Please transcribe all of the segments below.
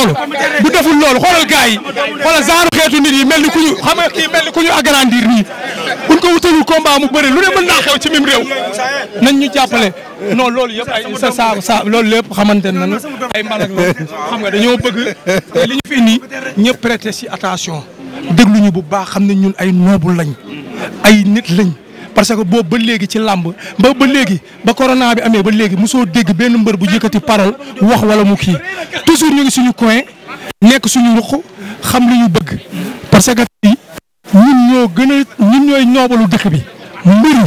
loolu bu deful loolu xoolal gars yi xoolal genre xeetu nit yi mel ni ku ñu xam nga mel ni ku ñu agrandir nii buñ ko wutalul combat mu bëri lu ne mën naa xew ci mim réew nañ ñu jàppale noo loolu yëpp ay sa sa sa loolu lépp xamante nañu ay mbalak la xam nga dañoo bëgg li ñu fi indi ñëpp prêter si attention déglu ñu bu baax xam ne ñun ay noble lañ ay nit lañ parce que boobu ba léegi ci làmb ba ba léegi ba corona bi amee ba léegi mosoo dégg benn mbër bu yëkkati parole wax wala mu kii toujours ñu ngi suñu coin nekk suñu ruq xam li ñu bëgg parce que tey ñoo gën a ñooy ñoobalu dëkk bi mbëri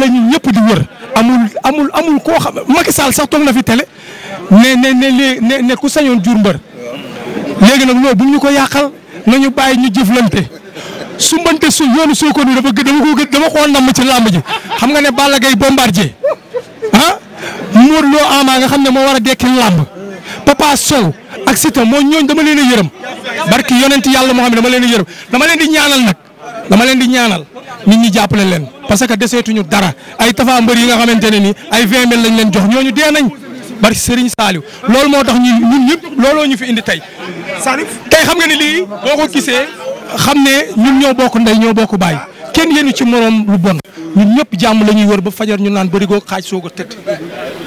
la ñu ñëpp di wër amul amul amul koo xam Macky Sall sax toog na fi tele ne ne ne ne ne ku sañoon jur mbër léegi nag loolu bu ñu ko yàqal ñu bàyyi ñu jëflante sumbante su yoonu Sokone dafa dama ko gën dama xool ndam ci làmb ji xam nga ne Balla Gaye bombardier ah Modou Lo Ama nga xam ne moo war a dekki làmb Papa Sow ak Siteu moo ñooñ dama leen a yërëm barki yonent yàlla moo xam ne dama leen a yërëm dama leen di ñaanal nag dama leen di ñaanal nit ñi jàppale leen parce que deseetuñu dara ay tafa mbër yi nga xamante ne nii ay 20 lañ leen jox ñooñu dee nañ barki Serigne Saliou loolu moo tax ñun ñun ñëpp looloo ñu fi indi tey. Salif xam ne ñun ñoo bokk ndey ñoo bokk baay kenn yenu ci moroom lu bon ñun ñëpp jàmm la ñuy wër ba fajar ñu naan bërigo xaaj soog ko tëdd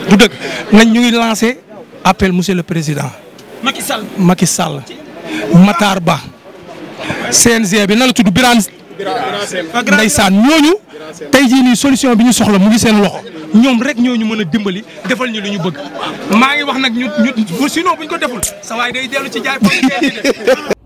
du dëgg nañ ñu ngi lancé appel monsieur le président. Macky Sall Macky Sall Matar Ba. CNG bi na la tudd Birane. ndeysaan ñooñu. tey jii nii solution bi ñu soxla mu ngi seen loxo ñoom rek ñu mën a dimbali defal ñu lu ñu bëgg maa ngi wax nag ko deful